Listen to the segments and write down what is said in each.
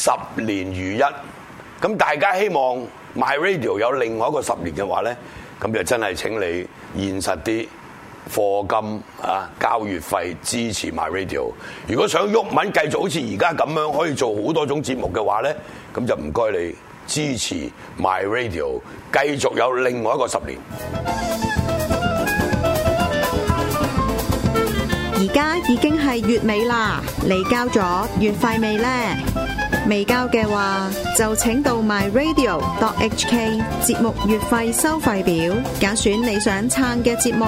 十年如一，咁大家希望 My Radio 有另外一個十年嘅話咧，咁就真係請你現實啲，課金啊，交月費支持 My Radio。如果想鬱文繼續好似而家咁樣，可以做好多種節目嘅話咧，咁就唔該你支持 My Radio，繼續有另外一個十年。而家已經係月尾啦，你交咗月費未咧？未交嘅話，就請到 MyRadio.hk 節目月費收費表，揀選你想撐嘅節目。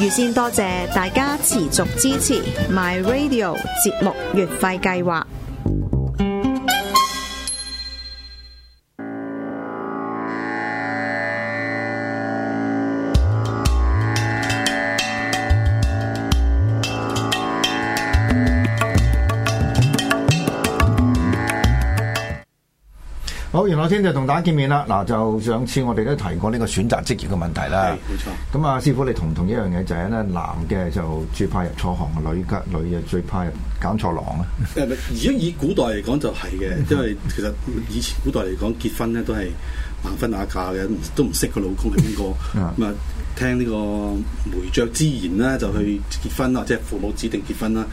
預先多謝大家持續支持 MyRadio 節目月費計劃。好，原來先就同大家見面啦。嗱，就上次我哋都提過呢個選擇職業嘅問題啦。係，冇錯。咁啊，師傅你同唔同意一樣嘢就係咧，男嘅就最怕入錯行，女嘅女嘅最怕入揀錯郎啊？誒，如果以古代嚟講就係嘅，因為其實以前古代嚟講結婚咧都係盲婚啞嫁嘅，都唔識個老公係邊 個。咁啊，聽呢個媒妁之言啦，就去結婚或 者父母指定結婚啦。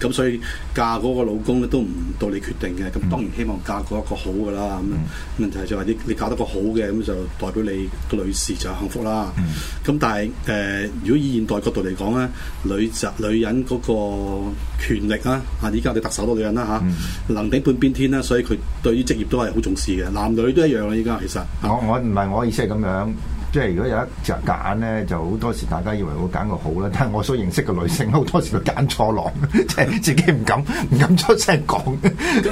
咁所以嫁嗰個老公咧都唔到你決定嘅。咁當然希望嫁嗰一個好嘅啦。咁問題就係你你嫁得個好嘅，咁就代表你個女士就幸福啦。咁 但係誒、呃，如果以現代角度嚟講咧，女仔女人嗰個權力啊～啊！依家我哋特首都女人啦吓，嗯、能頂半邊天啦，所以佢對於職業都係好重視嘅，男女都一樣啦。依家其實，我我唔係我意思係咁樣。即係如果有一隻揀咧，就好多時大家以為會揀個好啦。但係我所認識嘅女性，好多時揀錯郎，即係自己唔敢唔敢出聲講。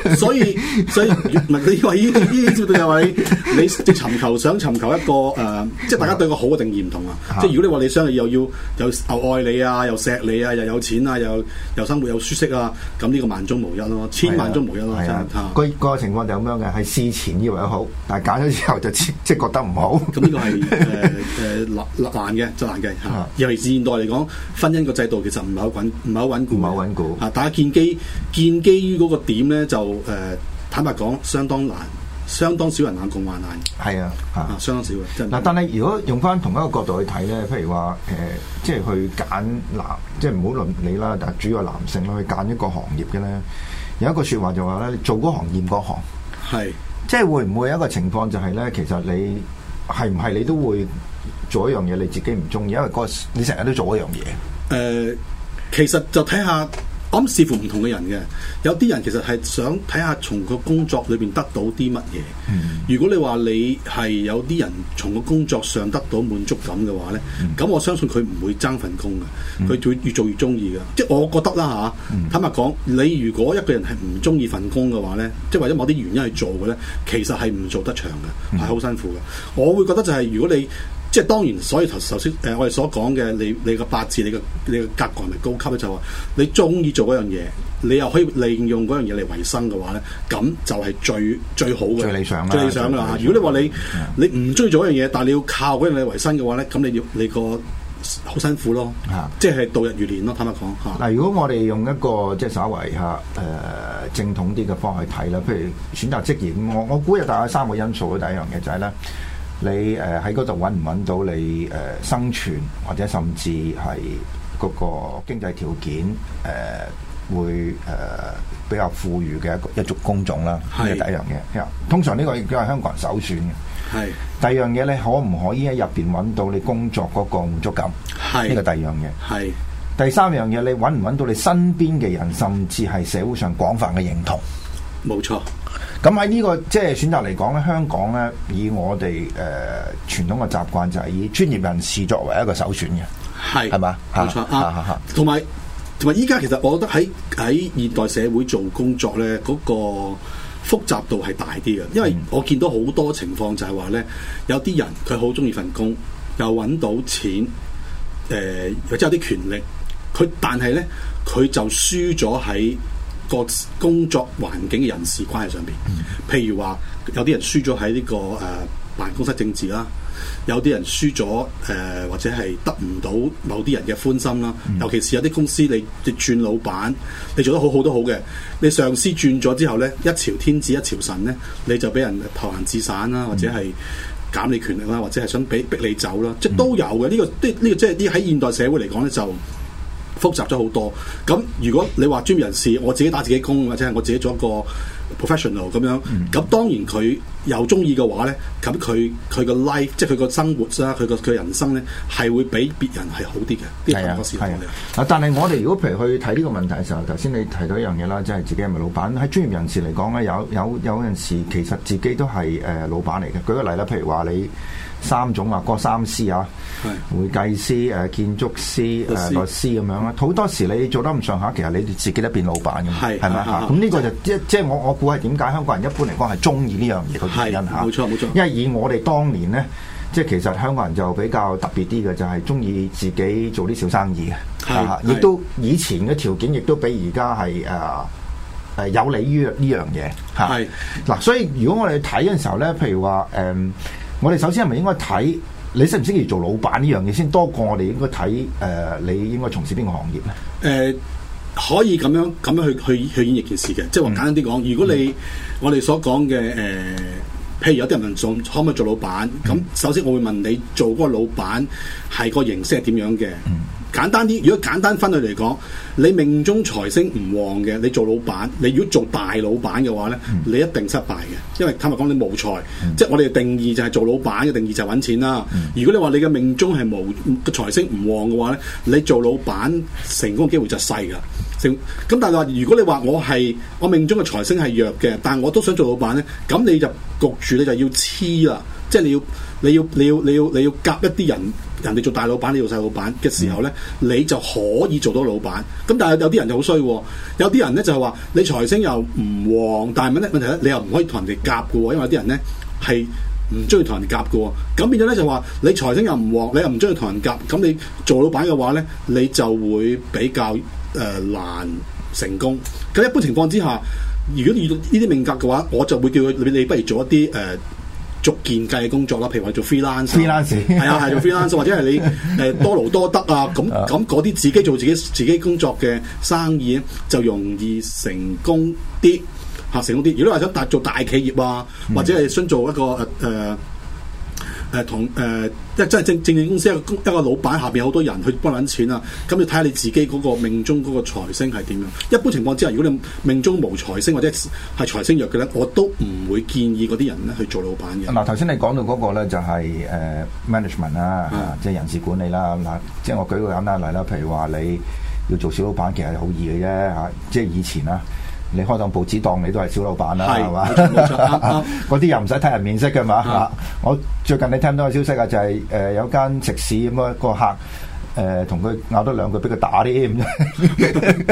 所以所以唔係你話依依，呢位 你尋求想尋求一個誒、呃，即係大家對個好嘅定義唔同啊。 即係如果你話你想，又要又又愛你啊，又錫你，啊、你啊，又有錢啊，又又生活又舒適啊，咁呢個萬中無一咯、啊，千萬中無一咯。係啊，個個情況就咁樣嘅，係事前以為好，但係揀咗之後就即係覺得唔好。咁呢 個係。誒誒、 呃、難難嘅就難嘅吓，尤其是現代嚟講，婚姻個制度其實唔係好穩，唔係好穩固，唔係好穩固吓、啊。大家建基建基於嗰個點咧，就誒、呃、坦白講，相當難，相當少人肯共患難嘅。係啊，啊相當少嘅。嗱、啊，但係如果用翻同一個角度去睇咧，譬如話誒、呃，即係去揀男，即係唔好論你啦，但係主要係男性去揀一個行業嘅咧，有一個說話就話咧，你做嗰行厭嗰行，係的即係會唔會有一個情況就係咧，其實你？嗯係唔係你都會做一樣嘢，你自己唔中意，因為嗰你成日都做一樣嘢。誒，其實就睇下。咁視乎唔同嘅人嘅，有啲人其實係想睇下從個工作裏邊得到啲乜嘢。嗯、如果你話你係有啲人從個工作上得到滿足感嘅話呢咁、嗯、我相信佢唔會爭份工嘅，佢、嗯、會越做越中意嘅。即係我覺得啦吓，啊嗯、坦白講，你如果一個人係唔中意份工嘅話呢，即係或者某啲原因去做嘅呢，其實係唔做得長嘅，係好、嗯、辛苦嘅。我會覺得就係如果你。.即係當然，所以頭首先，誒我哋所講嘅你你個八字，你個你個格局係咪高級咧？就話、是、你中意做嗰樣嘢，你又可以利用嗰樣嘢嚟維生嘅話咧，咁就係最最好嘅。最理想啦！最理想啦！想啦，如果你話你的你唔中意做嗰樣嘢，但係你要靠嗰樣嘢維生嘅話咧，咁你要你個好辛苦咯，的即係度日如年咯，坦白講嚇。嗱，如果我哋用一個即係、就是、稍為嚇誒正統啲嘅方法去睇啦，譬如選擇職業，我我，我估有大概三個因素啊，第一樣嘢就係、是、咧。你誒喺嗰度揾唔揾到你誒生存，或者甚至係嗰個經濟條件誒會誒比較富裕嘅一個一族工種啦，呢個第一樣嘢。通常呢個亦都係香港人首選嘅。係第二樣嘢，你可唔可以喺入邊揾到你工作嗰個滿足感？係呢個第二樣嘢。係第三樣嘢，你揾唔揾到你身邊嘅人，甚至係社會上廣泛嘅認同。冇錯。咁喺呢個即係選擇嚟講咧，香港咧以我哋誒、呃、傳統嘅習慣，就係以專業人士作為一個首選嘅，係係嘛，冇吧錯啊。同埋同埋依家其實我覺得喺喺現代社會做工作咧，嗰、那個複雜度係大啲嘅，因為我見到好多情況就係話咧，有啲人佢好中意份工，又揾到錢，誒、呃、或者有啲權力，佢但係咧佢就輸咗喺個工作環境嘅人事關係上邊，譬如話有啲人輸咗喺呢個誒、呃、辦公室政治啦，有啲人輸咗誒或者係得唔到某啲人嘅歡心啦，尤其是有啲公司你轉老闆，你做得好好都好嘅，你上司轉咗之後呢，一朝天子一朝臣呢，你就俾人投閒置散啦，或者係減你權力啦，或者係想俾逼,逼你走啦，即都有嘅。呢、這個呢、這個即係啲喺現代社會嚟講呢，就。複雜咗好多，咁如果你話專業人士，我自己打自己工或者係我自己做一個 professional 咁樣，咁、嗯、當然佢又中意嘅話咧，咁佢佢個 life 即係佢個生活啦，佢個佢人生咧係會比別人係好啲嘅，啲咁嘅事嚟嘅。啊，但係我哋如果譬如去睇呢個問題嘅時候，頭先你提到一樣嘢啦，即係自己係咪老闆？喺專業人士嚟講咧，有有有陣時其實自己都係誒老闆嚟嘅。舉個例啦，譬如話你。三種啊，嗰三師啊，會計師、誒建築師、誒律師咁樣啦。好多時你做得唔上下，其實你哋自己都變老闆咁，係咪？咁呢個就即即係我我估係點解香港人一般嚟講係中意呢樣嘢嘅原因嚇，冇錯冇錯。因為以我哋當年咧，即係其實香港人就比較特別啲嘅，就係中意自己做啲小生意嘅，亦都以前嘅條件亦都比而家係誒誒有利於呢樣嘢嚇。嗱，所以如果我哋睇嘅時候咧，譬如話誒。我哋首先係咪應該睇你適唔適宜做老闆呢樣嘢先，多過我哋應該睇誒、呃，你應該從事邊個行業咧？誒、呃，可以咁樣咁樣去去去演繹件事嘅，即係話簡單啲講，如果你、嗯、我哋所講嘅誒、呃，譬如有啲人問可唔可以做老闆，咁、嗯、首先我會問你做嗰個老闆係個形式係點樣嘅？嗯簡單啲，如果簡單分類嚟講，你命中財星唔旺嘅，你做老闆，你如果做大老闆嘅話呢，你一定失敗嘅，因為坦白講你無財，嗯、即係我哋嘅定義就係做老闆嘅定義就揾錢啦。嗯、如果你話你嘅命中係無財星唔旺嘅話呢，你做老闆成功機會就細噶。咁但係話，如果你話我係我命中嘅財星係弱嘅，但係我都想做老闆呢，咁你就焗住你就要黐啦。即係你要，你要，你要，你要，你要夾一啲人，人哋做大老闆，你做細老闆嘅時候咧，你就可以做到老闆。咁但係有啲人就好衰、啊，有啲人咧就係話你財星又唔旺，但係問一問題咧，你又唔可以同人哋夾嘅喎，因為有啲人咧係唔中意同人夾嘅喎。咁變咗咧就話你財星又唔旺，你又唔中意同人夾，咁你做老闆嘅話咧，你就會比較誒、呃、難成功。咁一般情況之下，如果遇到呢啲命格嘅話，我就會叫你你不如做一啲誒。呃逐件計嘅工作啦，譬如話做 freelancer，係 啊，係做 freelancer，或者係你誒、呃、多勞多得啊，咁咁嗰啲自己做自己自己工作嘅生意咧，就容易成功啲嚇、啊，成功啲。如果你話想大做大企業啊，或者係想做一個誒誒。呃誒同誒，即係、呃、真係正正經公司一個一個老闆下邊好多人去幫撚錢啊！咁你睇下你自己嗰個命中嗰個財星係點樣？一般情況之下，如果你命中無財星或者係財星弱嘅咧，我都唔會建議嗰啲人咧去做老闆嘅。嗱，頭先你講到嗰個咧就係誒 management 啦、嗯，即係人事管理啦。嗱，即係我舉個簡單例啦，嚟啦，譬如話你要做小老闆，其實好易嘅啫嚇，即係以前啦。你開檔報紙檔，你都係小老闆啦，係嘛？嗰啲又唔使睇人面色嘅嘛。我最近你聽到個消息啊，就係誒有間食肆咁樣，個客誒同佢咬多兩句，俾佢打啲咁。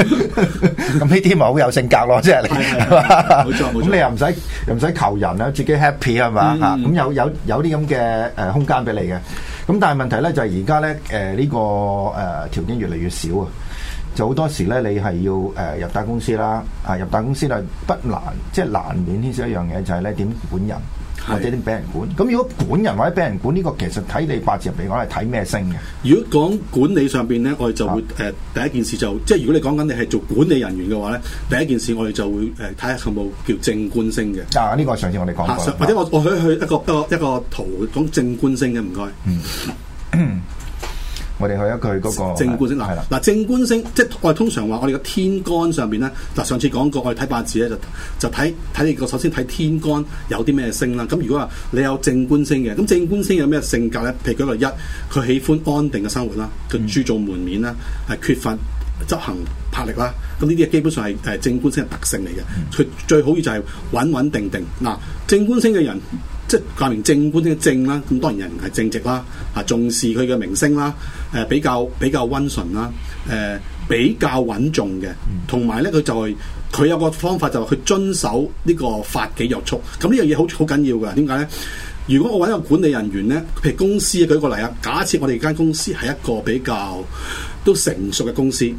咁呢啲咪好有性格咯，即係你。冇錯冇錯咁你又唔使又唔使求人啦，自己 happy 係嘛？咁有有有啲咁嘅誒空間俾你嘅。咁但係問題咧，就係而家咧誒呢個誒條件越嚟越少啊。就好多時咧，你係要誒、呃、入大公司啦，啊入大公司咧不難，即係難免牽涉一樣嘢，就係咧點管人或者點俾人管。咁如果管人或者俾人管呢、這個，其實睇你八字入嚟講係睇咩星嘅。如果講管理上邊咧，我哋就會誒、啊呃、第一件事就即係如果你講緊你係做管理人員嘅話咧，第一件事我哋就會誒睇下有冇叫正官星嘅。啊，呢、這個上次我哋講過、啊。啊、或者我我去去一個一個一個圖講正官星嘅，唔該。嗯。 啊、我哋去一句嗰個正官星嗱，嗱正官星即係我哋通常話我哋嘅天干上邊咧，嗱上次講過我哋睇八字咧就就睇睇你個首先睇天干有啲咩星啦，咁如果話你有正官星嘅，咁正官星有咩性格咧？譬如舉個一，佢喜歡安定嘅生活啦，佢注重門面啦，係、嗯、缺乏執行魄力啦，咁呢啲基本上係誒正官星嘅特性嚟嘅，佢、嗯、最好要就係穩穩定定嗱，正官星嘅人。即係講明正官嘅正啦，咁當然人係正直啦，啊，重視佢嘅名聲啦，誒、呃、比較比較温順啦，誒、呃、比較穩重嘅，同埋咧佢就係、是、佢有個方法就係去遵守呢個法紀約束，咁呢樣嘢好好緊要㗎，點解咧？如果我揾一個管理人員咧，譬如公司舉個例啊，假設我哋間公司係一個比較都成熟嘅公司，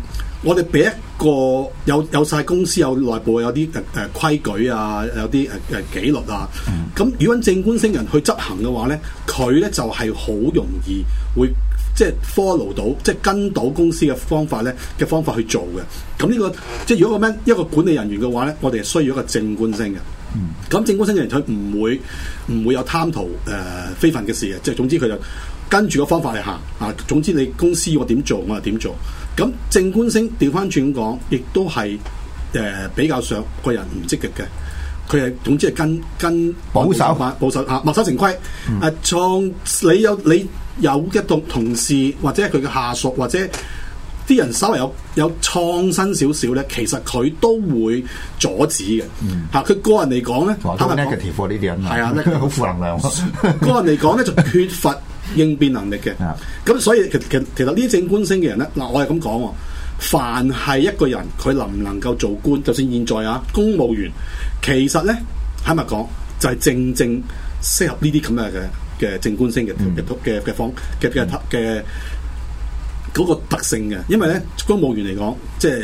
我哋俾一個有有晒公司有內部有啲誒誒規矩啊，有啲誒誒紀律啊，咁、嗯、如果正官星人去執行嘅話咧，佢咧就係、是、好容易會即係 follow 到，即係跟到公司嘅方法咧嘅方法去做嘅。咁呢、這個即係如果個咩一個管理人員嘅話咧，我哋係需要一個正官星嘅。咁、嗯、正官星人佢唔會唔會有貪圖誒、呃、非分嘅事嘅，即係總之佢就跟住個方法嚟行啊。總之你公司我點做，我又點做。咁、啊、正官星調翻轉講，亦都係誒、呃、比較上個人唔積極嘅，佢係總之係跟跟保守、保守吓墨、啊、守成規。誒、嗯，從、啊、你有你有一同同事或者佢嘅下屬或者。啲人稍微有有創新少少咧，其實佢都會阻止嘅。嚇、嗯，佢個人嚟講咧，係啊、嗯，佢好負能量。個人嚟講咧就缺乏應變能力嘅。咁吧所以其其其實，其實呢啲正官星嘅人咧，嗱我係咁講喎，凡係一個人佢能唔能夠做官，就算現在啊公務員，其實咧，坦白講就係、是、正正適合呢啲咁嘅嘅嘅正官星嘅嘅嘅方嘅嘅嘅。嗯嗯嗰個特性嘅，因為咧，公務員嚟講，即係誒，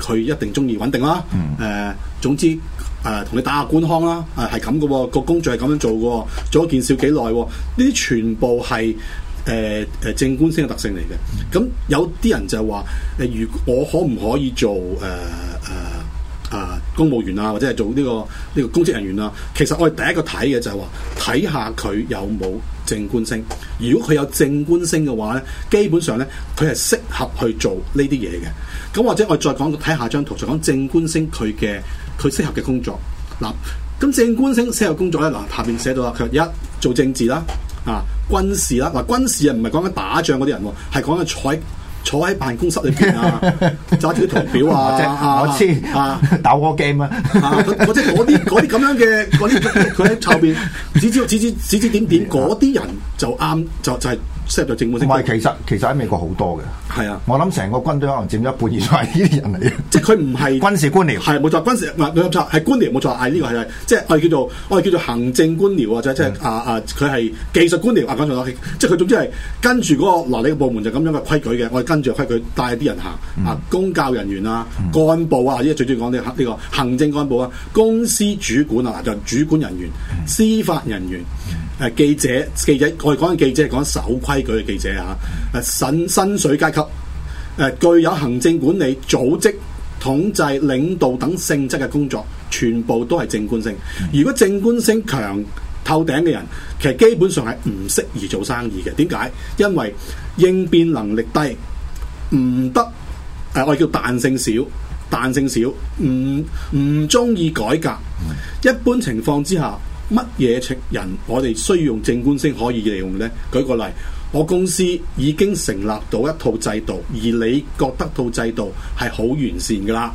佢、呃、一定中意穩定啦。誒、嗯呃，總之，誒、呃，同你打下官腔啦，係咁嘅喎，個、哦、工序係咁樣做嘅、哦，做一件事幾耐，呢啲全部係誒誒正官星嘅特性嚟嘅。咁、嗯、有啲人就話誒，如、呃、我可唔可以做誒誒誒公務員啊，或者係做呢、呢個呢、呢個公職人員啊？其實我哋第一個睇嘅就係話，睇下佢有冇。正官星，如果佢有正官星嘅話咧，基本上咧，佢係適合去做呢啲嘢嘅。咁或者我再講睇下張圖，就講正官星佢嘅佢適合嘅工作。嗱，咁正官星適合工作咧，嗱下邊寫到啦，佢一做政治啦，啊軍事啦，嗱、啊、軍事啊唔係講緊打仗嗰啲人，係講緊采。坐喺辦公室裏邊啊，揸住啲圖表啊，啊，我知 啊，打嗰 game 啦，啊，即係嗰啲嗰啲咁樣嘅嗰啲佢喺後邊指指指指指指點點，嗰啲人就啱就就係。set 就正本唔係，其實其實喺美國好多嘅，係啊，我諗成個軍隊可能佔一半以上係呢啲人嚟嘅，即係佢唔係軍事官僚，係冇錯，軍事唔係冇錯，係官僚冇錯，哎呢、啊這個係即係我哋叫做我哋叫做行政官僚或者即係啊啊佢係技術官僚啊講錯咗，即係佢、啊、總之係跟住嗰個倫理部門就咁樣嘅規矩嘅，我哋跟住規矩帶啲人行、嗯、啊，公教人員啊，幹、嗯、部啊，呢最主要講呢呢個行政幹部啊，公司主管啊，啊就是、主管人員、嗯、司法人員。嗯誒、啊，記者記者，我哋講緊記者係講守規矩嘅記者嚇。誒、啊，薪薪水階級，誒、啊，具有行政管理、組織統制、領導等性質嘅工作，全部都係正官星。如果正官星強透頂嘅人，其實基本上係唔適宜做生意嘅。點解？因為應變能力低，唔得，誒、啊，我哋叫彈性少，彈性少，唔唔中意改革。一般情況之下。乜嘢人？我哋需要用正官星可以利用呢？舉個例，我公司已經成立到一套制度，而你覺得套制度係好完善噶啦。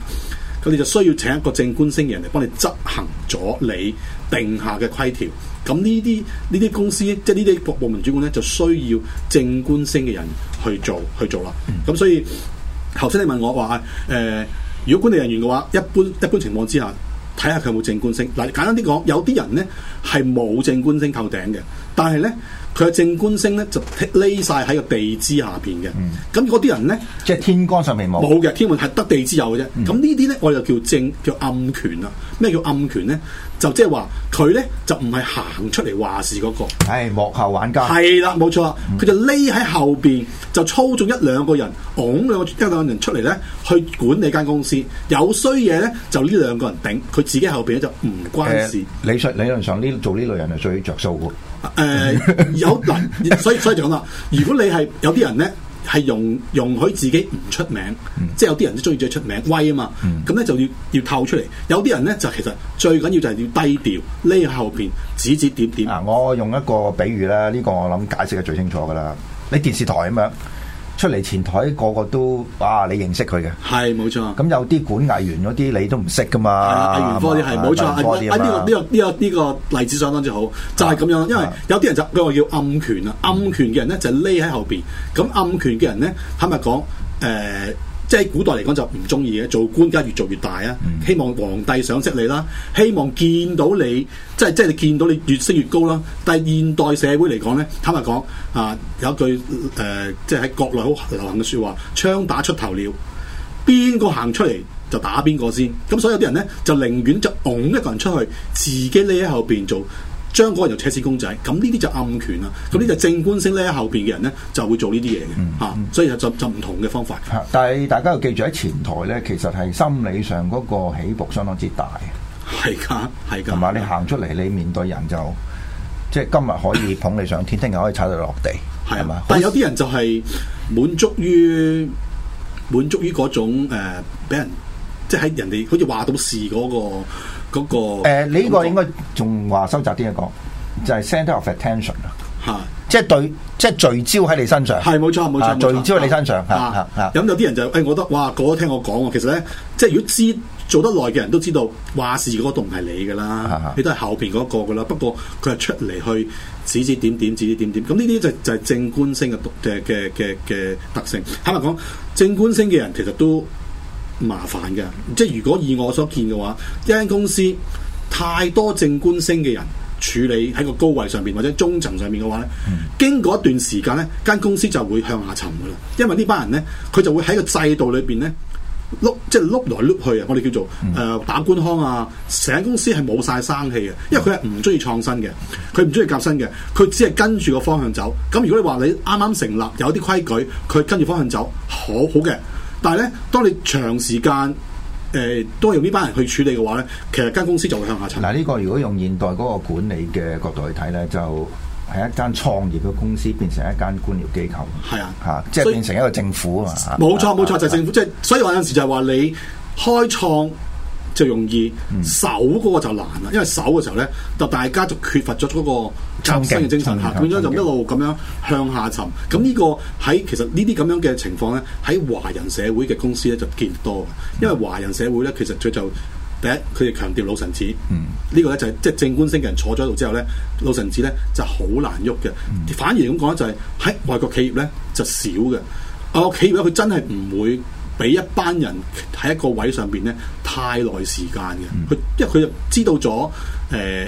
咁你就需要請一個正官星嘅人嚟幫你執行咗你定下嘅規條。咁呢啲呢啲公司即係呢啲部部門主管呢，就需要正官星嘅人去做去做啦。咁、嗯、所以頭先你問我話誒、呃，如果管理人員嘅話，一般一般情況之下。睇下佢有冇正官星，嗱，簡單啲講，有啲人咧係冇正官星透頂嘅，但係咧佢嘅正官星咧就匿晒喺個地支下邊嘅。咁嗰啲人咧即係天干上面冇冇嘅，天運係得地支有嘅啫。咁、嗯、呢啲咧我又叫正叫暗權啦。咩叫暗權咧？就即係話佢咧就唔係行出嚟話事嗰、嗰個，係、哎、幕後玩家。係啦，冇錯、嗯，佢就匿喺後邊就操縱一兩個人，拱兩一兩人出嚟咧去管理間公司。有衰嘢咧就呢兩個人頂，佢自己後邊咧就唔關事、呃。理論理論上呢做呢類人係最着數嘅。誒、呃，有嗱， 所以所以講啦，如果你係有啲人咧。係容容許自己唔出名，嗯、即係有啲人都中意最出名威啊嘛，咁咧、嗯、就要要透出嚟。有啲人咧就其實最緊要就係要低調，匿，後邊指指點點。啊，我用一個比喻啦，呢、這個我諗解釋係最清楚噶啦，你電視台咁樣。出嚟前台個個都啊，你認識佢嘅？係冇錯。咁有啲管藝員嗰啲你都唔識噶嘛？係啊，藝員科啲係冇錯，藝呢、啊呢個呢、呢個呢、呢個呢、呢個例子相當之好，就係、是、咁樣。因為有啲人就佢話、啊、叫暗權啊，暗權嘅人咧就匿、是、喺後邊。咁暗權嘅人咧，坦白講誒。呃即係古代嚟講就唔中意嘅，做官家越做越大啊！希望皇帝賞識你啦，希望見到你，即係即係你見到你越升越高啦。但係現代社會嚟講咧，坦白講啊，有一句誒、呃，即係喺國內好流行嘅説話：槍打出頭鳥，邊個行出嚟就打邊個先。咁所以有啲人咧就寧願就拱一個人出去，自己匿喺後邊做。將嗰個人扯線公仔，咁呢啲就暗權啦。咁、嗯、呢就正官星咧，後邊嘅人咧就會做呢啲嘢嘅嚇。所以就就唔同嘅方法。但係大家要記住喺前台咧，其實係心理上嗰個起伏相當之大。係噶，係噶。同埋你行出嚟，的你面對人就即係今日可以捧你上天，聽日 可以踩到落地，係嘛？但係有啲人就係滿足於滿足於嗰種誒，俾、呃、人即係喺人哋好似話到事嗰、那個。嗰、那個你呢、呃嗯、個應該仲話收集啲嘢講，就係、是、centre of attention 啊，嚇，即係對，即係聚焦喺你身上，係冇錯，冇錯，錯聚焦喺你身上，嚇咁有啲人就誒、哎，我覺得哇，個個聽我講其實咧，即係如果知做得耐嘅人都知道，話事嗰個唔係你噶啦，你都係後邊嗰個噶啦。不過佢係出嚟去指指點點、指指點點，咁呢啲就就係正官星嘅嘅嘅嘅特性。坦白講，正官星嘅人其實都。麻煩嘅，即係如果以我所見嘅話，一間公司太多正官星嘅人處理喺個高位上邊或者中層上面嘅話咧，嗯、經過一段時間呢間公司就會向下沉嘅啦。因為呢班人呢，佢就會喺個制度裏邊呢碌即係碌來碌去啊！我哋叫做誒打、呃、官腔啊，成間公司係冇晒生氣嘅，因為佢係唔中意創新嘅，佢唔中意革新嘅，佢只係跟住個方向走。咁如果你話你啱啱成立有啲規矩，佢跟住方向走，好好嘅。好但係咧，當你長時間誒、呃、都係用呢班人去處理嘅話咧，其實間公司就會向下沉。嗱，呢個如果用現代嗰個管理嘅角度去睇咧，就係、是、一間創業嘅公司變成一間官僚機構。係啊，嚇、啊，即係變成一個政府以啊嘛。冇錯冇、啊、錯，就係、是、政府。即係、啊就是、所以話有陣時就係話你開創。就容易守嗰個就難啦，因為守嘅時候咧，就大家就缺乏咗嗰個創新嘅精神嚇，變咗就一路咁樣向下沉。咁呢、嗯、個喺其實呢啲咁樣嘅情況咧，喺華人社會嘅公司咧就見多嘅，因為華人社會咧其實佢就第一佢哋強調老臣子，嗯、個呢個咧就係即係正官星嘅人坐咗喺度之後咧，老臣子咧就好難喐嘅。嗯、反而咁講咧就係、是、喺外國企業咧就少嘅，外、啊、國企業佢真係唔會。俾一班人喺一個位上邊咧太耐時間嘅，佢因為佢就知道咗誒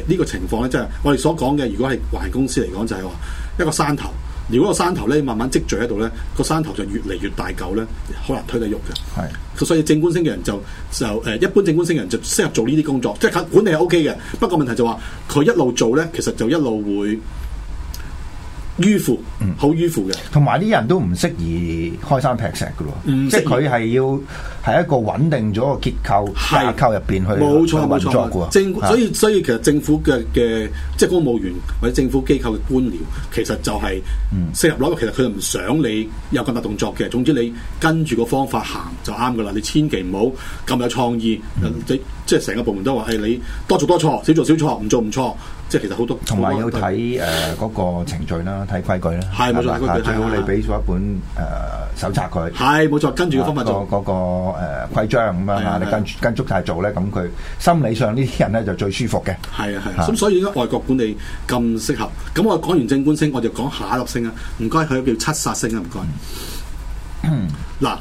呢個情況咧，即係我哋所講嘅。如果係華人公司嚟講，就係話一個山頭。如果個山頭咧慢慢積聚喺度咧，個山頭就越嚟越大舊咧，好難推得喐嘅。係，是的 所以正官星嘅人就就誒一般正官星嘅人就適合做呢啲工作，即係管理係 O K 嘅。不過問題就話佢一路做咧，其實就一路會。迂腐，嗯，好迂腐嘅，同埋啲人都唔適宜開山劈石噶咯，嗯、即係佢係要係一個穩定咗個結構架是構入邊去，冇錯冇錯，政所以所以其實政府嘅嘅即係公務員或者政府機構嘅官僚，其實就係嗯適合攞其實佢唔想你有咁大動作嘅，總之你跟住個方法行就啱噶啦，你千祈唔好咁有創意，嗯嗯、即即係成個部門都話係你多做多錯，少做少錯，唔做唔錯。即係其實好多，同埋要睇誒嗰個程序啦，睇規矩啦。係冇錯，規矩最好你俾咗一本誒手冊佢。係冇錯，跟住個方法個嗰個規章咁啊嚇，你跟住，跟足曬做咧，咁佢心理上呢啲人咧就最舒服嘅。係啊係，咁所以咧外國管理咁適合。咁我講完正官星，我就講下一粒星啊。唔該，佢叫七殺星啊。唔該。嗱，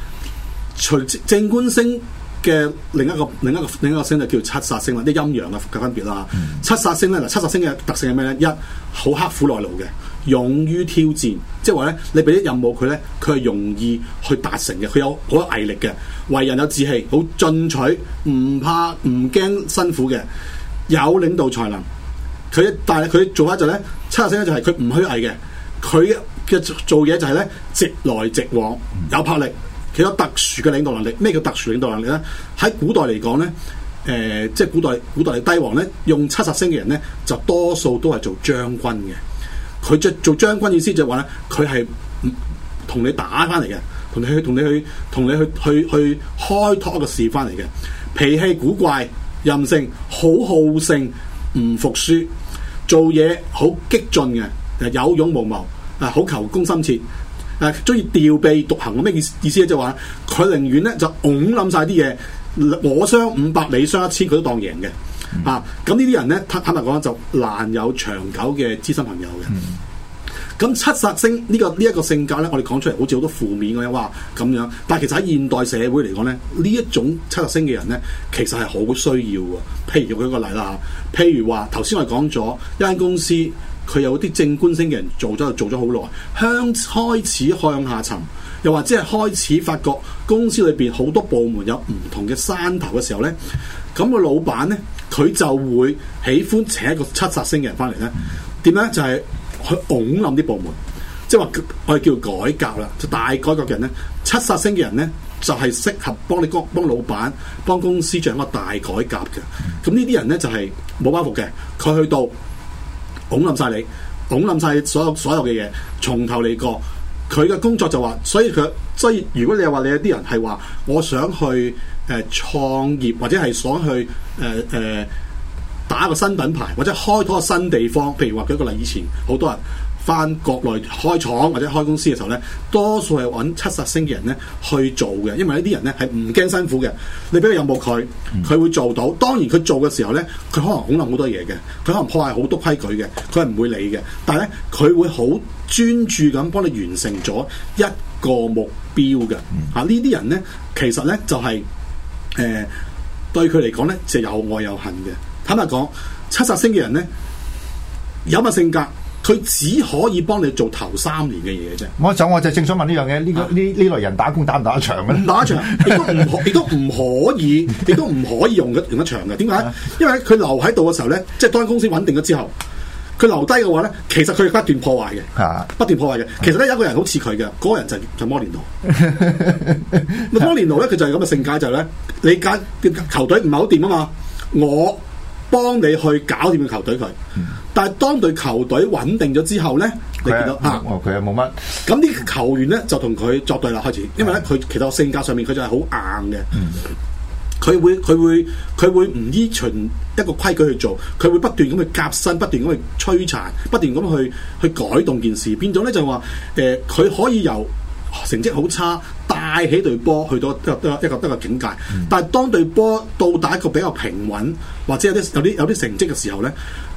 除正官星，嘅另一個另一個另一個星就叫七殺星或者陰陽啊嘅分別啦。嗯、七殺星咧，嗱七殺星嘅特性係咩咧？一，好刻苦耐勞嘅，勇於挑戰，即係話咧，你俾啲任務佢咧，佢係容易去達成嘅，佢有好多毅力嘅，為人有志氣，好進取，唔怕唔驚辛苦嘅，有領導才能。佢但係佢做開就咧，七殺星咧就係佢唔虛偽嘅，佢嘅做嘢就係咧直來直往，有魄力。嗯其他特殊嘅領導能力，咩叫特殊領導能力咧？喺古代嚟講咧，誒、呃，即係古代古代嘅帝王咧，用七十星嘅人咧，就多數都係做將軍嘅。佢就做將軍意思就係話咧，佢係同你打翻嚟嘅，同你，你，你，你去同你去同你去去去開拓一個事翻嚟嘅。脾氣古怪、任性、好好勝、唔服輸、做嘢好激進嘅，有勇無謀，好求功心切。誒，中意掉臂獨行嘅咩意意思咧？就話、是、佢寧願咧就拱冧晒啲嘢，我傷五百，你傷一千，佢都當贏嘅。啊，咁呢啲人咧坦坦白講就難有長久嘅知心朋友嘅。咁、嗯、七殺星呢、呢個呢一、呢個性格咧，我哋講出嚟好似好多負面嘅，哇咁樣。但係其實喺現代社會嚟講咧，呢一種七殺星嘅人咧，其實係好需要㗎。譬如舉一個例啦嚇，譬如話頭先我哋講咗一間公司。佢有啲正官星嘅人做咗就做咗好耐，向開始向下沉，又或者係開始發覺公司裏邊好多部門有唔同嘅山頭嘅時候咧，咁、那個老闆咧佢就會喜歡請一個七煞星嘅人翻嚟咧。點咧就係、是、去拱冧啲部門，即係話我哋叫改革啦，就大改革嘅人咧，七煞星嘅人咧就係、是、適合幫你幫老闆、幫公司進一個大改革嘅。咁呢啲人咧就係、是、冇包袱嘅，佢去到。拱冧晒你，拱冧晒所有所有嘅嘢，從頭嚟過。佢嘅工作就話，所以佢，所以如果你係話你有啲人係話，我想去誒、呃、創業或者係想去誒誒、呃呃、打個新品牌或者開嗰個新地方，譬如話舉個例，以前好多人。返國內開廠或者開公司嘅時候咧，多數係揾七十星嘅人咧去做嘅，因為呢啲人咧係唔驚辛苦嘅。你俾佢任務佢，佢會做到。當然佢做嘅時候咧，佢可能恐嚇好多嘢嘅，佢可能破壞好多規矩嘅，佢係唔會理嘅。但係咧，佢會好專注咁幫你完成咗一個目標嘅。嚇、啊、呢啲人咧，其實咧就係誒對佢嚟講咧，就是呃、呢有有愛有恨嘅。坦白講，七十星嘅人咧，有乜性格？佢只可以幫你做頭三年嘅嘢啫。我想我就正想問呢樣嘢，呢、呢個呢呢是類人打工打唔打得長嘅？打一場亦都唔可，亦 都唔可以，亦都唔可以用用得長嘅。點解？因為佢留喺度嘅時候咧，即係當公司穩定咗之後，佢留低嘅話咧，其實佢係不斷破壞嘅，不斷破壞嘅。其實咧 有個人好似佢嘅，嗰、嗰個人就係、就係、摩連奴。摩連 奴咧，佢就係咁嘅性格，就咧、係、你揀球隊唔係好掂啊嘛，我。幫你去搞掂個球隊佢，但係當隊球隊穩定咗之後咧，你見到，呀啊，佢啊冇乜。咁啲球員呢，就同佢作對啦開始，因為呢，佢是的 其實個性格上面佢就係好硬嘅，佢、嗯、會佢會佢會唔依循一個規矩去做，佢會不斷咁去革新，不斷咁去摧殘，不斷咁去去改動件事。變咗呢，就話、是，誒、呃，佢可以由。成績好差，帶起隊波去到得得一個得個境界。但係當隊波到達一個比較平穩，或者有啲有啲有啲成績嘅時候咧，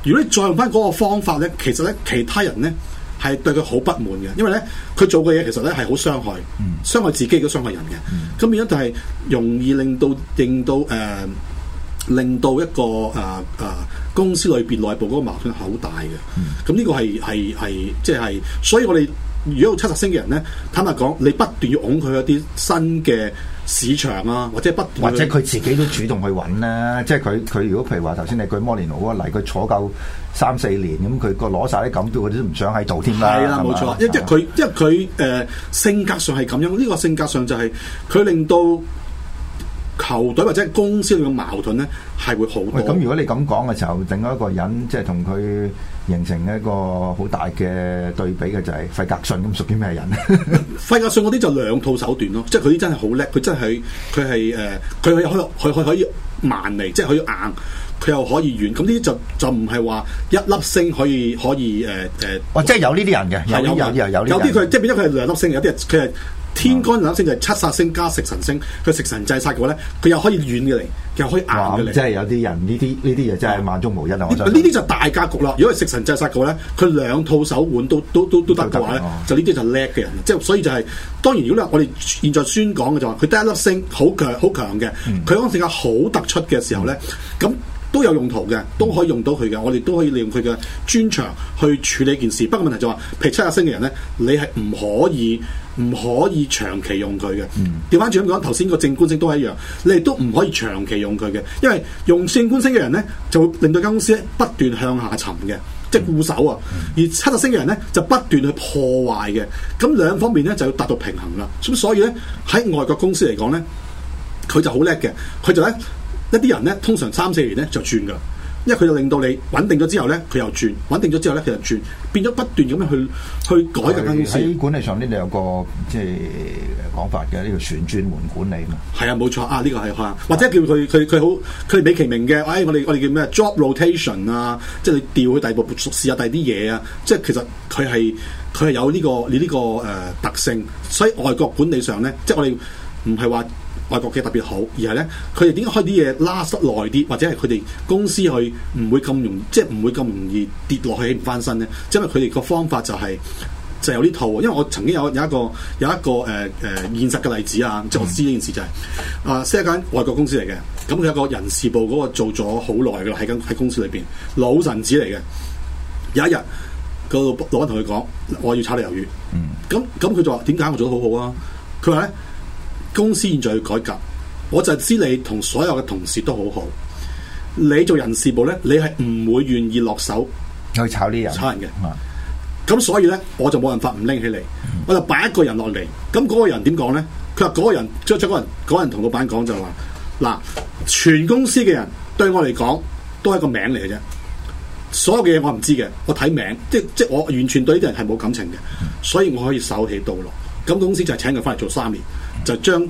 如果你再用翻嗰個方法咧，其實咧其他人咧係對佢好不滿嘅，因為咧佢做嘅嘢其實咧係好傷害，傷害自己亦都傷害人嘅。咁變咗就係容易令到令到誒、呃，令到一個啊啊、呃呃、公司裏邊內部嗰個矛盾係好大嘅。咁呢個係係係即係，所以我哋。如果七十星嘅人咧，坦白講，你不斷要擁佢一啲新嘅市場啊，或者不，或者佢自己都主動去揾啦、啊。即係佢佢如果譬如話頭先，你舉摩連奴啊嚟，佢坐夠三四年，咁佢個攞晒啲感多，佢都唔想喺度添啦。係啦、啊，冇吧錯，因為佢因為佢誒、呃、性格上係咁樣，呢、呢個性格上就係佢令到球隊或者公司嘅矛盾咧，係會好多。喂，咁如果你咁講嘅時候，另外一個人，即係同佢。形成一個好大嘅對比嘅就係、是、費格遜咁屬於咩人？費 格遜嗰啲就兩套手段咯，即係佢啲真係好叻，佢真係佢係誒，佢、呃、可以佢佢可以慢嚟，即係佢硬，佢又可以軟。咁呢啲就就唔係話一粒星可以可以誒誒，呃哦呃、即係有呢啲人嘅，有啲人有啲佢即係變咗佢係兩粒星，有啲佢係。天干粒星就係七煞星加食神星，佢食神制煞嘅話咧，佢又可以軟嘅嚟，又可以硬嘅嚟。嗯。即係有啲人呢啲呢啲又真係萬中無一啊！呢呢啲就大格局啦。如果係食神制煞嘅話咧，佢兩套手腕都都都都得嘅話咧，就呢啲就叻嘅人。即係，哦、所以就係、是，當然如果你話我哋現在宣講嘅就話，佢得一粒星好強好強嘅，佢嗰個性格好突出嘅時候咧，咁、嗯。都有用途嘅，都可以用到佢嘅，我哋都可以利用佢嘅專長去處理件事。不過問題就係話譬如七殺星嘅人咧，你係唔可以唔、嗯、可以長期用佢嘅。調翻轉講，頭先個正官星都係一樣，你亦都唔可以長期用佢嘅，因為用正官星嘅人咧，就會令到間公司不斷向下沉嘅，即係固守啊。嗯、而七殺星嘅人咧，就不斷去破壞嘅。咁兩方面咧就要達到平衡啦。咁所以咧喺外國公司嚟講咧，佢就好叻嘅，佢就咧。一啲人咧，通常三四年咧就轉噶，因為佢就令到你穩定咗之後咧，佢又轉；穩定咗之後咧，佢又轉，變咗不斷咁樣去去改革間公司。管理上呢你有個即係講法嘅，呢個旋轉門管理嘛。係啊，冇錯啊，呢、這個係嚇，嗯、或者叫佢佢佢好佢哋美其名嘅，唉、哎，我哋我哋叫咩 job rotation 啊，即係你調去第二部熟試下第二啲嘢啊，即係其實佢係佢係有呢、這個你呢、這個誒、呃、特性，所以外國管理上咧，即係我哋唔係話，外國嘅特別好，而係咧，佢哋點解開啲嘢拉得耐啲，或者係佢哋公司去唔會咁容易，即係唔會咁容易跌落去唔翻身咧？因為佢哋個方法就係、是、就係、是、有啲套。因為我曾經有有一個有一個誒誒、呃、現實嘅例子啊，即係我知呢件事就係、是、啊，呃、一間外國公司嚟嘅，咁、嗯、佢有一個人事部嗰個做咗好耐噶啦，喺間喺公司裏邊老臣子嚟嘅。有一日，個老闆同佢講：我要炒你魷魚。咁咁佢就話：點解我做得好好啊？佢話咧。公司現在去改革，我就知你同所有嘅同事都好好。你做人事部咧，你係唔會願意落手去炒呢樣炒人嘅。咁、嗯、所以咧，我就冇辦法唔拎起嚟，我就擺一個人落嚟。咁嗰個人點講咧？佢話嗰個人將將嗰人嗰、那個、人同老闆講就話：嗱，全公司嘅人對我嚟講都係一個名嚟嘅啫。所有嘅嘢我唔知嘅，我睇名，即即我完全對呢啲人係冇感情嘅，所以我可以手起刀落。咁公司就係請佢翻嚟做三年。就將誒、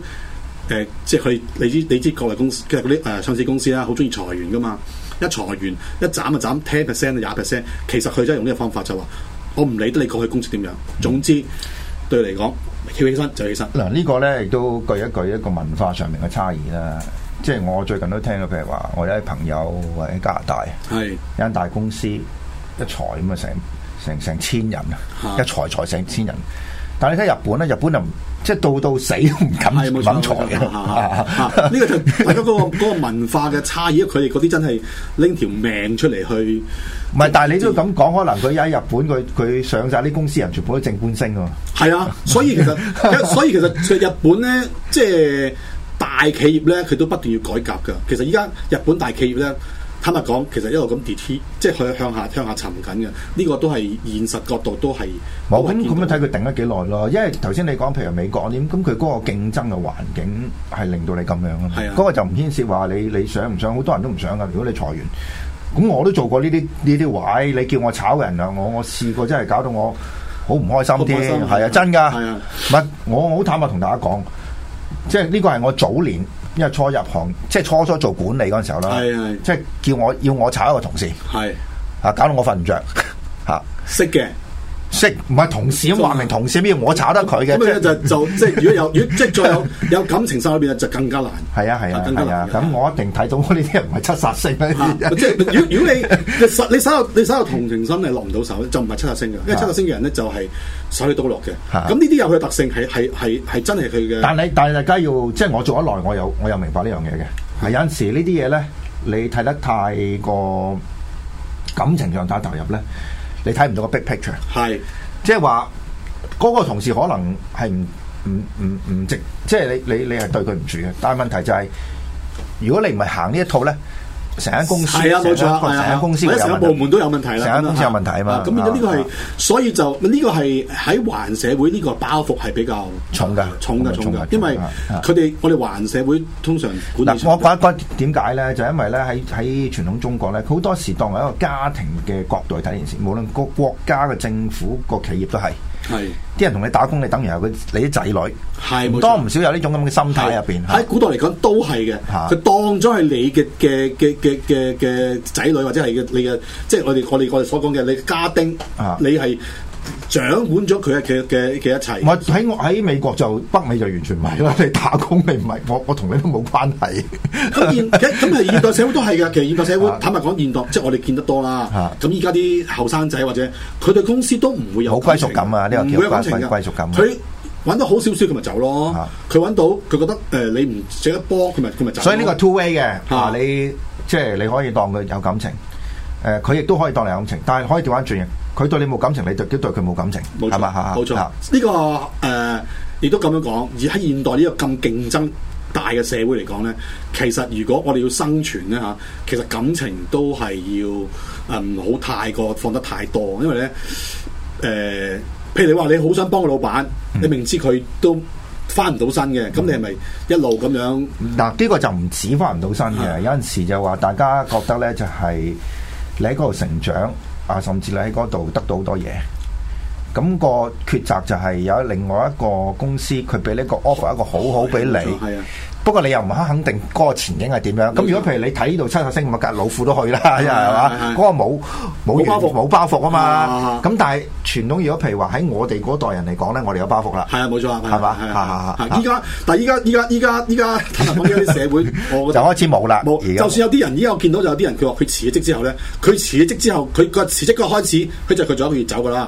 呃，即係佢你知你知國內公司，其實嗰啲誒上市公司啦，好中意裁員噶嘛。一裁員一斬就斬，ten percent 廿 percent。其實佢真係用呢個方法就，就話我唔理得你過去公司點樣，總之對嚟講跳起身就起身。嗱、嗯，這個、呢個咧亦都舉一舉一個文化上面嘅差異啦。即係我最近都聽到譬如話，我有啲朋友喺加拿大，係是一間大公司一裁咁啊，成成成,成千人啊，一裁裁成千人。但係你睇日本咧，日本就唔～即係到到死都唔敢揾財嘅，呢、啊這個就大家嗰、嗰個、 個文化嘅差異，佢哋嗰啲真係拎條命出嚟去。唔係，但係你都要咁講，可能佢喺日本佢佢上晒啲公司人，全部都正官星喎。係啊，所以其實所以其實，所以其實日本咧，即、就、係、是、大企業咧，佢都不斷要改革㗎。 其實依家日本大企業咧。坦白講，其實一路咁跌跌，即係佢向下向下沉緊嘅。呢、這個都係現實角度都，某都係冇咁咁樣睇佢頂咗幾耐咯。因為頭先你講譬如美國點，咁佢嗰個競爭嘅環境係令到你咁樣咯。嗰是、啊、個就唔牽涉話你你想唔想，好多人都唔想噶。如果你裁員，咁我都做過呢啲呢啲位。你叫我炒人啊，我我試過真係搞到我好唔開心添，係啊，啊，啊，真噶。唔係我好坦白同大家講，即係呢個係我早年。因為初入行，即係初初做管理嗰陣時候啦，是是即係叫我要我炒一個同事，係啊係係搞到我瞓唔着，吓識嘅。識唔係同事咁話明同事咩？我炒得佢嘅，就就是，即係如果有， 如即係再有有感情心喺邊就更加難。係啊係啊，啊更加啊！咁我一定睇到我呢啲人唔係七殺星、啊啊、即係如果如果你你稍有你稍有同情心，你落唔到手，就唔係七殺星嘅。因為七殺星嘅人咧就係手起刀落嘅。咁呢啲有佢嘅特性係係係真係佢嘅。但係但係大家要即係我做得耐，我有我有明白有呢樣嘢嘅。係有陣時呢啲嘢咧，你睇得太過感情上太投入咧。你睇唔到個 big picture，係是即係話嗰個同事可能係唔唔唔唔值，即係你你你係對佢唔住嘅，但係問題就係、是，如果你唔係行呢一套咧。成間公司成間公司有問題，成個部門都有問題啦。成間公司有問題啊嘛。咁變咗呢個係，所以就呢個係喺環社會呢個包袱係比較重嘅，重嘅，重嘅。因為佢哋我哋環社會通常管理。嗱，我講講點解咧？就因為咧喺喺傳統中國咧，好多時當為一個家庭嘅角度睇件事，無論個國家嘅政府、個企業都係。係，啲是人同你打工，你等於係佢你啲仔女，係是唔多唔錯少有呢種咁嘅心態入邊。喺古代嚟講都係嘅，佢的當咗係你嘅嘅嘅嘅嘅嘅仔女，或者係嘅你嘅，即係我哋我哋我哋所講嘅你嘅家丁，的你係。掌管咗佢嘅嘅嘅一切，我喺我喺美國就北美就完全唔係啦，你打工你唔係我，我同你都冇關係。咁咁啊，現代社會都係噶，其實現代社會坦白講，現代即係我哋見得多啦。咁而家啲後生仔或者佢對公司都唔會有好歸屬感啊，呢啲叫做冇歸屬感。佢揾到好少少佢咪走咯，佢揾到佢覺得誒你唔值得波，佢咪佢咪走。所以呢個 two way 嘅，吓你即係你可以當佢有感情，誒，佢亦都可以當你感情，但係可以調翻轉型。佢對你冇感情，你就叫對佢冇感情，係嘛？嚇，冇錯，呢個誒亦、呃、都咁樣講。而喺現代呢個咁競爭大嘅社會嚟講咧，其實如果我哋要生存咧嚇、啊，其實感情都係要誒唔好太過放得太多，因為咧誒、呃，譬如你話你好想幫個老闆，嗯、你明知佢都翻唔到身嘅，咁、嗯、你係咪一路咁樣？嗱、啊，呢個就唔止翻唔到身嘅，嗯、有陣時就話大家覺得咧就係、是。你喺嗰度成長啊，甚至你喺嗰度得到好多嘢。咁個抉擇就係有另外一個公司，佢俾呢個 offer 一個好好俾你。不過你又唔肯肯定嗰個前景係點樣？咁如果譬如你睇呢度七十星，咪隔老虎都去啦，因係嘛嗰個冇冇包袱，冇包袱啊嘛。咁但係傳統如果譬如話喺我哋嗰代人嚟講咧，我哋有包袱啦。係啊，冇錯啊，係嘛係啊。依家但係依家依家依家依家睇下點樣啲社會就開始冇啦。冇就算有啲人依家我見到就有啲人佢話佢辭咗職之後咧，佢辭咗職之後，佢個辭職個開始，佢就佢做一個月走噶啦。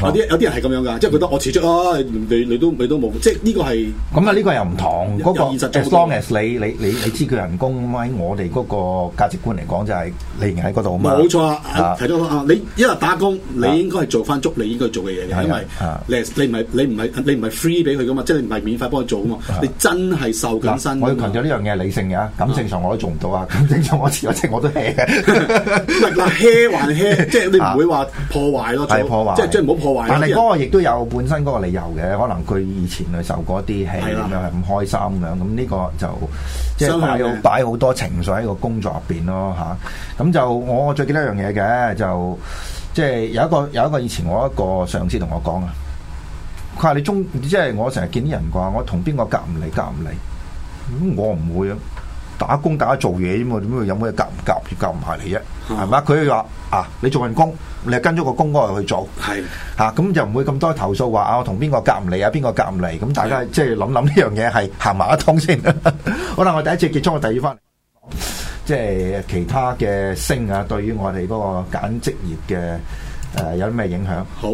有啲有啲人係咁樣噶，即係覺得我辭職啊，你你都你都冇，即係呢個係咁啊？呢個又唔同嗰個，即係你你你你知佢人工嘛？喺我哋嗰個價值觀嚟講就係你係喺嗰度嘛。冇錯啊，係咁你一日打工，你應該係做翻足你應該做嘅嘢嘅，因為你唔係你唔係你唔係 free 俾佢噶嘛，即係你唔係免費幫佢做噶嘛，你真係受緊薪。我要強調呢樣嘢係理性嘅啊，感性上我都做唔到啊，感性上我我咗係我都 hea 係嗱 hea 還 hea 即係你唔會話破壞咯，即係即係但係嗰個亦都有本身嗰個理由嘅，可能佢以前佢受過啲氣，又係唔開心咁樣，咁呢個就即係、就是、So 擺好擺好多情緒喺個工作入邊咯吓，咁、啊、就我最記得一樣嘢嘅，就即係、就是、有一個有一個以前我一個上司同我講啊，佢話你中即係、就是、我成日見啲人話我同邊個夾唔嚟夾唔嚟，咁、嗯、我唔會啊。打工大家做嘢啫嘛，點解有乜嘢夾唔夾業夾唔埋嚟啫？係嘛？佢話啊，你做份工，你係跟咗個工哥去做，係嚇咁就唔會咁多投訴話啊，我同邊個夾唔嚟啊，邊個夾唔嚟？咁大家即係諗諗呢樣嘢係行埋一通先。好啦，我第一次結束，我第二翻嚟，即係其他嘅星啊，對於我哋嗰個揀職業嘅誒有啲咩影響？好。